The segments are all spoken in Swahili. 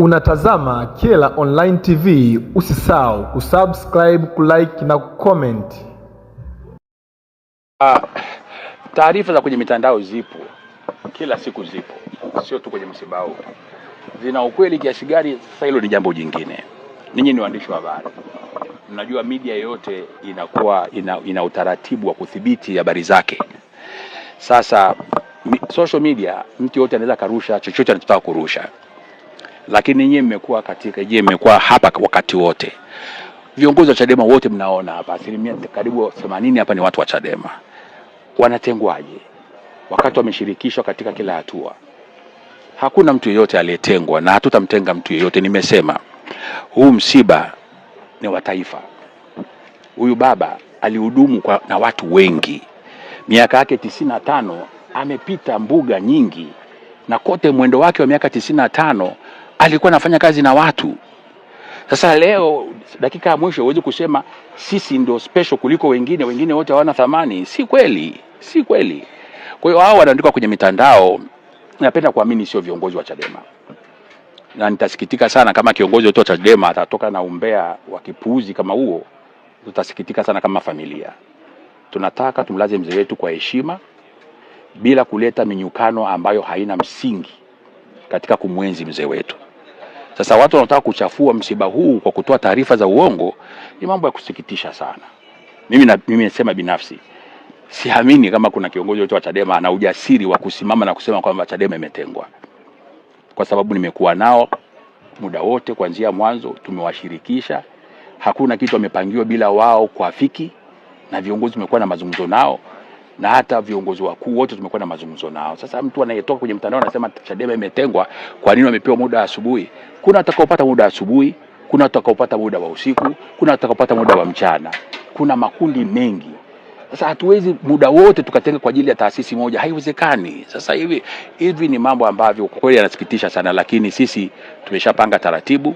Unatazama Kyela Online TV, usisahau kusubscribe, kulike na kucomment. Uh, taarifa za kwenye mitandao zipo kila siku, zipo sio tu kwenye msiba huu. Zina ukweli kiasi gani? Sasa hilo ni jambo jingine. Ninyi ni waandishi wa habari, mnajua media yote inakuwa ina, ina utaratibu wa kudhibiti habari zake. Sasa social media, mtu yote anaweza karusha chochote anachotaka kurusha lakini nyinyi mmekuwa katika je, mmekuwa hapa wakati wote. Viongozi wa Chadema wote mnaona hapa, asilimia karibu 80 hapa ni watu wa Chadema. Wanatengwaje wakati wameshirikishwa katika kila hatua? Hakuna mtu yeyote aliyetengwa na hatutamtenga mtu yeyote. Nimesema huu msiba ni wa taifa. Huyu baba alihudumu kwa, na watu wengi miaka yake tisini na tano amepita mbuga nyingi na kote mwendo wake wa miaka tisini na tano alikuwa anafanya kazi na watu. Sasa leo dakika ya mwisho huwezi kusema sisi ndio special kuliko wengine, wengine wote hawana thamani. Si kweli, si kweli. Kwa hiyo hao wanaandikwa kwenye mitandao, napenda kuamini sio viongozi wa Chadema, na nitasikitika sana kama kiongozi wetu wa Chadema atatoka na umbea wa kipuuzi kama huo. Tutasikitika sana kama familia. Tunataka tumlaze mzee wetu kwa heshima bila kuleta minyukano ambayo haina msingi katika kumwenzi mzee wetu. Sasa watu wanaotaka kuchafua msiba huu kwa kutoa taarifa za uongo ni mambo ya kusikitisha sana. Mimi na, mimi nasema binafsi siamini kama kuna kiongozi wote wa Chadema ana ujasiri wa kusimama na kusema kwamba Chadema imetengwa, kwa sababu nimekuwa nao muda wote kuanzia mwanzo, tumewashirikisha. Hakuna kitu amepangiwa bila wao kuafiki, na viongozi tumekuwa na mazungumzo nao na hata viongozi wakuu wote tumekuwa na mazungumzo nao. Sasa mtu anayetoka kwenye mtandao anasema Chadema imetengwa, kwa nini wamepewa muda asubuhi? Kuna atakaopata muda asubuhi, kuna atakaopata muda wa usiku, kuna atakaopata muda wa mchana, kuna makundi mengi. Sasa hatuwezi muda wote tukatenga kwa ajili ya taasisi moja, haiwezekani. Sasa hivi hivi ni mambo ambavyo kwa kweli yanasikitisha sana, lakini sisi tumeshapanga taratibu.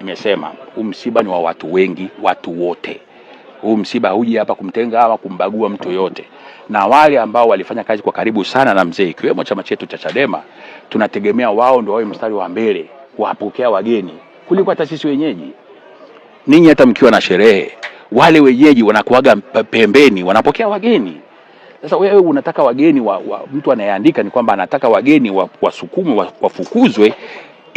Nimesema umsiba msiba ni wa watu wengi, watu wote huu msiba huji hapa kumtenga ama kumbagua mtu yote, na wale ambao walifanya kazi kwa karibu sana na mzee, ikiwemo chama chetu cha Chadema, tunategemea wao ndio wawe mstari wa mbele kuwapokea wageni kuliko hata sisi wenyeji. Ninyi hata mkiwa na sherehe, wale wenyeji wanakuaga pembeni, wanapokea wageni. Sasa wewe unataka wageni wa, wa, mtu anayeandika ni kwamba anataka wageni wasukumwe wa, wafukuzwe wa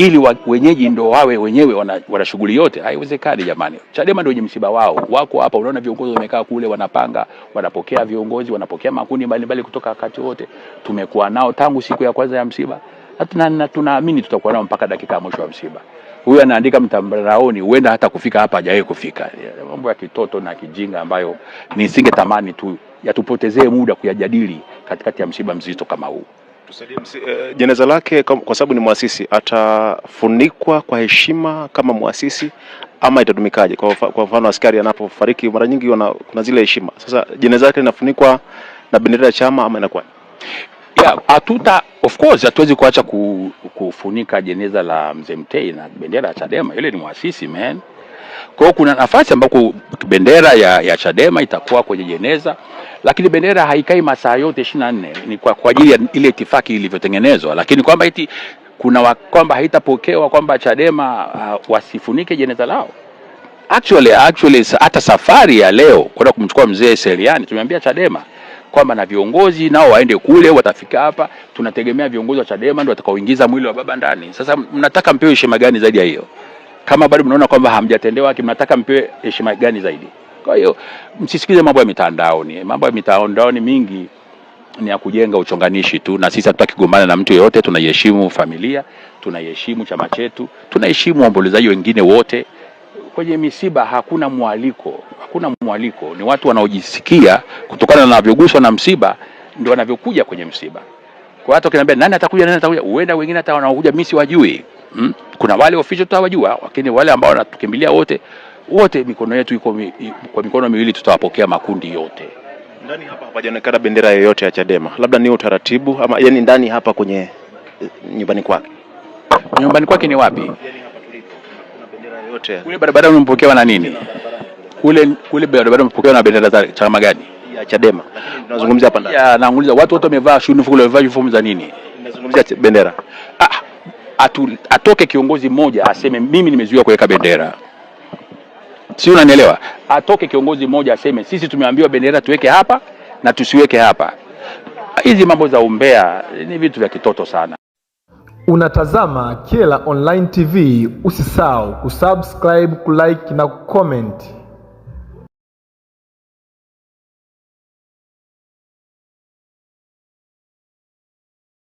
ili wa, wenyeji ndo wawe wenyewe wana, wana shughuli yote. Haiwezekani jamani, Chadema ndio wenye msiba wao, wako hapa. Unaona viongozi wamekaa kule, wanapanga, wanapokea viongozi, wanapokea makundi mbalimbali kutoka wakati wote. Tumekuwa nao tangu siku ya kwanza ya msiba na tunaamini tutakuwa nao mpaka dakika ya mwisho wa msiba. Huyu anaandika mtandaoni, huenda hata kufika hapa hajawahi kufika. Mambo ya kitoto na kijinga ambayo nisingetamani tu yatupotezee muda kuyajadili katikati ya msiba mzito kama huu. Eh, jeneza lake kwa sababu ni mwasisi, atafunikwa kwa heshima kama mwasisi ama itadumikaje Kwa, mfano askari anapofariki mara nyingi wana, kuna zile heshima. Sasa jeneza lake linafunikwa na bendera ya chama ama inakuwa yeah, hatuta of course hatuwezi kuacha kufunika jeneza la mzee Mtei na bendera ya Chadema, yule ni mwasisi man. Kwa kuna nafasi ambako bendera ya, ya Chadema itakuwa kwenye jeneza lakini bendera haikai masaa yote 24 ni kwa, ajili ya ile itifaki ilivyotengenezwa, lakini kwamba eti kuna kwamba haitapokewa kwamba Chadema uh, wasifunike jeneza lao actually actually, hata safari ya leo kwenda kumchukua mzee Seriani tumeambia Chadema kwamba na viongozi nao waende kule, watafika hapa. Tunategemea viongozi wa Chadema ndio watakaoingiza mwili wa baba ndani. Sasa mnataka mpewe heshima gani zaidi ya hiyo? Kama bado mnaona kwamba hamjatendewa haki, mnataka mpewe heshima gani zaidi? Kwa hiyo msisikize mambo ya mitandaoni. Mambo ya mitandaoni mingi ni ya kujenga uchonganishi tu, na sisi hatutaki kugombana na mtu yeyote. Tunaiheshimu familia, tunaiheshimu chama chetu, tunaheshimu waombolezaji wengine wote. Kwenye misiba hakuna mwaliko, hakuna mwaliko. Ni watu wanaojisikia kutokana na wanavyoguswa na msiba ndio wanavyokuja kwenye msiba. Kwa hata ukiniambia nani atakuja, nani atakuja, huenda wengine hata wanaokuja mimi siwajui. Hmm? Kuna wale official tutawajua, lakini wale ambao wanatukimbilia wote wote mikono yetu iko kwa mikono miwili tutawapokea makundi yote. Ndani hapa hapajaonekana bendera yoyote ya Chadema, labda ni utaratibu ama, yani ndani hapa kwenye eh, nyumbani kwake, nyumbani kwake ni wapi? kule barabara Umpokewa na nini kule kule barabara Umpokewa na bendera za chama gani? ya Chadema. Tunazungumzia hapa ndani ya naanguliza watu wote wamevaa shuni fuko wamevaa uniform za nini? Tunazungumzia bendera. Ah, atu, atoke kiongozi mmoja aseme mimi nimezuia kuweka bendera sio, unanielewa? Atoke kiongozi mmoja aseme sisi tumeambiwa bendera tuweke hapa na tusiweke hapa. Hizi mambo za umbea ni vitu vya kitoto sana. Unatazama Kyela Online TV, usisahau kusubscribe, kulike na kucomment.